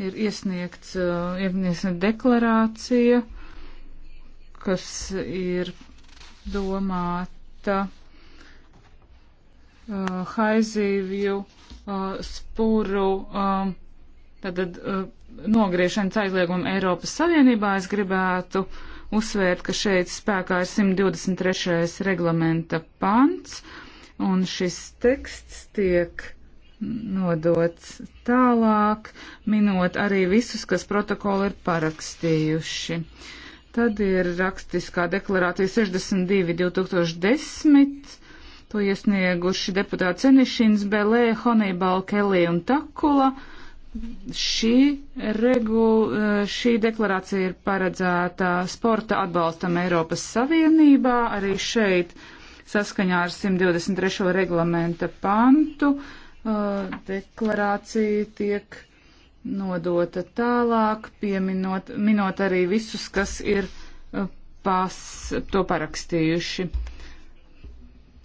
ir iesniegts, uh, iesniegta deklarācija, kas ir domāta uh, haizīvju uh, spuru um, tātad, uh, nogriešanas aizliegumu Eiropas Savienībā. Es gribētu uzsvērt, ka šeit spēkā ir 123. reglamenta pants, un šis teksts tiek nodots tālāk, minot arī visus, kas protokolu ir parakstījuši. Tad ir rakstiskā deklarācija 62 2010, to iesnieguši deputāti Cenišins, Belē, Honibal, Kelly un Takula. Šī, regu, šī deklarācija ir paredzēta sporta atbalstam Eiropas Savienībā, arī šeit saskaņā ar 123. reglamenta pantu deklarācija tiek nodota tālāk, pieminot minot arī visus, kas ir pas, to parakstījuši.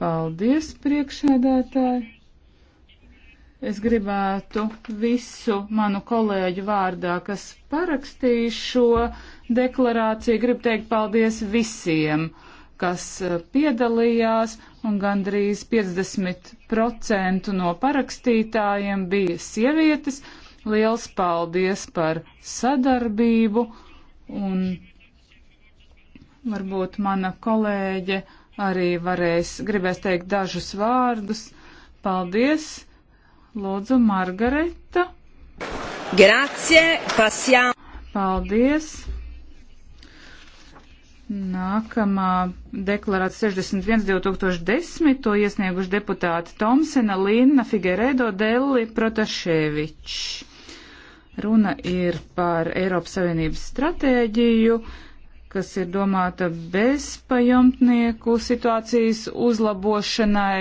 Paldies, priekšēdētāji! Es gribētu visu manu kolēģu vārdā, kas parakstīja šo deklarāciju, gribu teikt paldies visiem. Uh, kas e, piedalījās, un gandrīz 50% no parakstītājiem bija sievietes. Liels paldies par sadarbību, un varbūt mana kolēģe arī varēs, gribēs teikt dažus vārdus. Paldies! Lūdzu, Margareta! Grazie, pasjām! Paldies! Nākamā deklarācija 61. 2010. to iesnieguši deputāti Tomsena, Linna, Figueredo, Delli, Protaševičs. Runa ir par Eiropas Savienības stratēģiju, kas ir domāta bezpajumtnieku situācijas uzlabošanai.